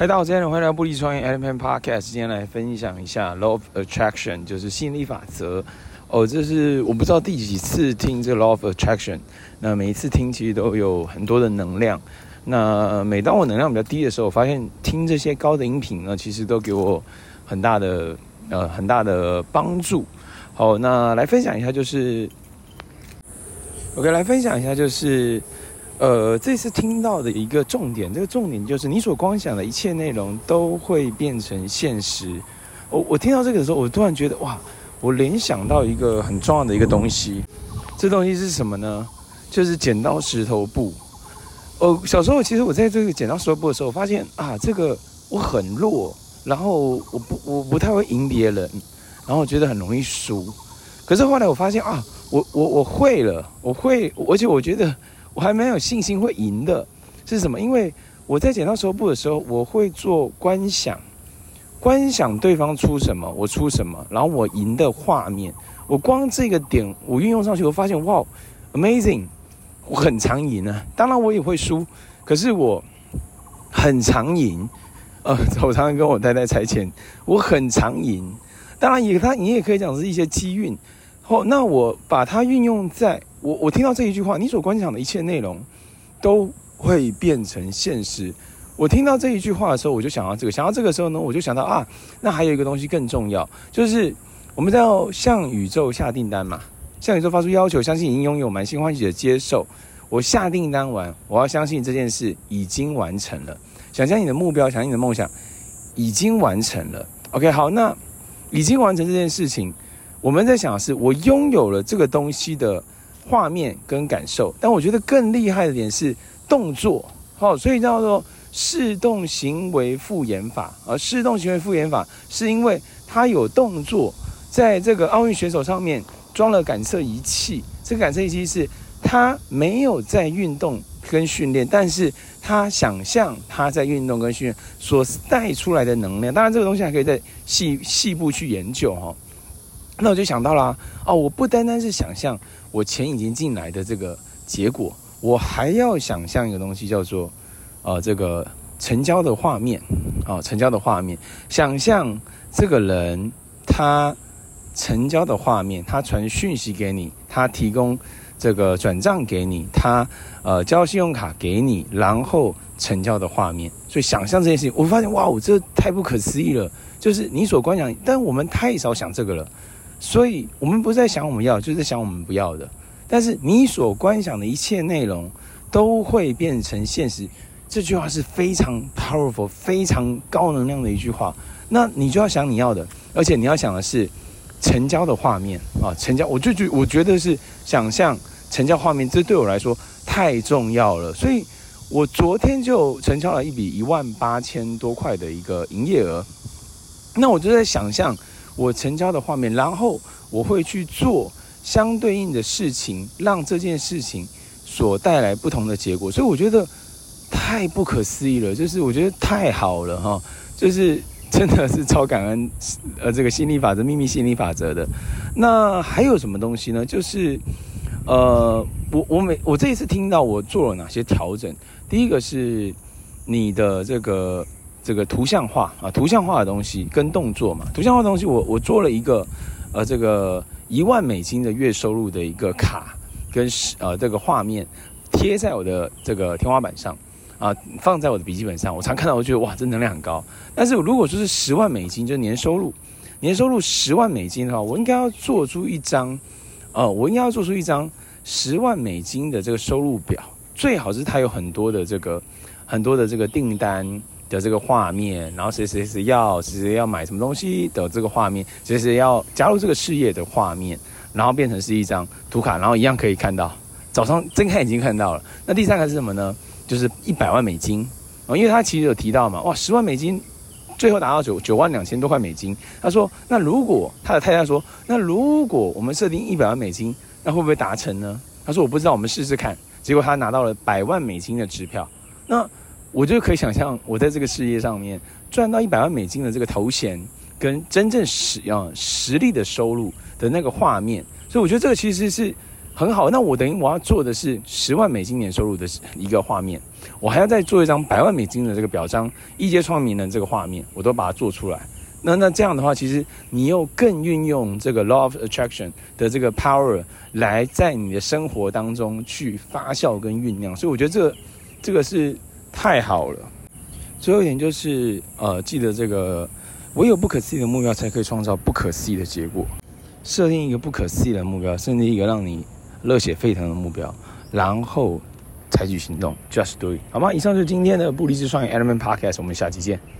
嗨，大家好，今天歡迎來到不離職創業。Allen Peng Podcast。今天來分享一下 Law of Attraction，就是吸引力法則。哦，這是我不知道第幾次聽這個 Law of Attraction。那每一次聽，其實都有很多的能量。那每當我能量比較低的時候，我發現聽這些高的音頻呢，其實都給我很大的呃很大的幫助。好，那來分享一下，就是 OK，來分享一下，就是。呃，這次聽到的一個重點，這個重點就是你所觀想的一切內容都會變成現實。我、哦、我聽到這個的時候，我突然覺得哇，我聯想到一個很重要的一個東西，這東西是什麼呢？就是剪刀石頭布。我、哦、小時候其實我在這個剪刀石頭布的時候，我發現啊，這個我很弱，然後我不我不太會贏別人，然後我覺得很容易輸。可是後來我發現啊，我我我會了，我會，而且我覺得。我還蠻有信心會贏的，是什麼？因為我在剪刀石頭布的時候，我會做觀想，觀想對方出什麼，我出什麼，然後我贏的畫面。我光這個點，我運用上去，我發現哇、wow，amazing，我很常贏啊。當然我也會輸，可是我很常贏。呃，我常常跟我太太猜拳，我很常贏。當然也，他你也可以講是一些機運。喔，那我把它運用在。我我聽到這一句話，你所觀想的一切內容都會變成現實。我聽到這一句話的時候，我就想到這個，想到這個時候呢，我就想到啊，那還有一個東西更重要，就是我們在要向宇宙下訂單嘛，向宇宙發出要求，相信你已經擁有，滿心歡喜的接受。我下訂單完，我要相信這件事已經完成了。想象你的目標，想象你的夢想已經完成了。OK，好，那已經完成這件事情，我們在想的是，我擁有了這個東西的畫面跟感受，但我覺得更厲害的點是動作，哦、所以叫做視動行為復原法而、啊、視動行為復原法是因為他有動作，在這個奧運選手上面裝了感測儀器，這個感測儀器是他沒有在運動跟訓練，但是他想象他在運動跟訓練所帶出來的能量。當然，這個東西還可以在細細部去研究、哦那我就想到了，啊、哦，我不單單是想象我錢已經進來的這個結果，我還要想象一個東西，叫做，呃，這個成交的畫面，啊、呃，成交的畫面，想象這個人他成交的畫面，他傳訊息給你，他提供這個轉賬給你，他呃交信用卡給你，然後成交的畫面，所以想象這件事情，我發現哇、哦，我這太不可思議了，就是你所觀想，但我們太少想這個了。所以，我們不是在想我們要，就是在想我們不要的。但是，你所觀想的一切內容都會變成現實。這句話是非常 powerful、非常高能量的一句話。那你就要想你要的，而且你要想的是成交的畫面啊！成交，我就覺我覺得是想象成交畫面，這對我來說太重要了。所以我昨天就成交了一筆一萬八千多塊的一個營業額。那我就在想象。我成交的畫面，然後我會去做相對應的事情，讓這件事情所帶來不同的結果。所以我覺得太不可思議了，就是我覺得太好了哈，就是真的是超感恩。呃，這個心理法則、秘密心理法則的。那還有什麼東西呢？就是呃，我我每我這一次聽到我做了哪些調整？第一個是你的這個。這個圖像化啊，圖像化的東西跟動作嘛，圖像化的東西我我做了一個，呃，這個一萬美金的月收入的一個卡跟呃這個畫面貼在我的這個天花板上啊，放在我的筆記本上，我常看到，我覺得哇，這能量很高。但是如果說是十萬美金，就是年收入，年收入十萬美金的話，我應該要做出一張，呃，我應該要做出一張十萬美金的這個收入表，最好是它有很多的這個很多的這個訂單。的這個畫面，然後誰誰誰要誰誰要買什麼東西的這個畫面，誰誰要加入這個事業的畫面，然後變成是一張圖卡，然後一樣可以看到，早上睜開眼睛看到了。那第三個是什麼呢？就是一百萬美金。哦，因為他其實有提到嘛，哇，十萬美金，最後達到九九萬兩千多塊美金。他說，那如果他的太太說，那如果我們設定一百萬美金，那會不會達成呢？他說我不知道，我們試試看。結果他拿到了百萬美金的支票。那。我就可以想象，我在這個事業上面賺到一百萬美金的這個頭銜，跟真正使用、啊、實力的收入的那個畫面，所以我覺得這個其實是很好。那我等於我要做的是十萬美金年收入的一個畫面，我還要再做一張百萬美金的這個表彰一階創民的這個畫面，我都把它做出來。那那這樣的話，其實你又更運用這個 law of attraction 的這個 power 來在你的生活當中去發酵跟醞釀。所以我覺得這個、這個是。太好了，最後一點就是，呃，記得這個，唯有不可思議的目標才可以創造不可思議的結果。設定一個不可思議的目標，甚至一個讓你熱血沸騰的目標，然後採取行動，just do it，好嗎？以上就是今天的不離職創業 Element Podcast，我們下期見。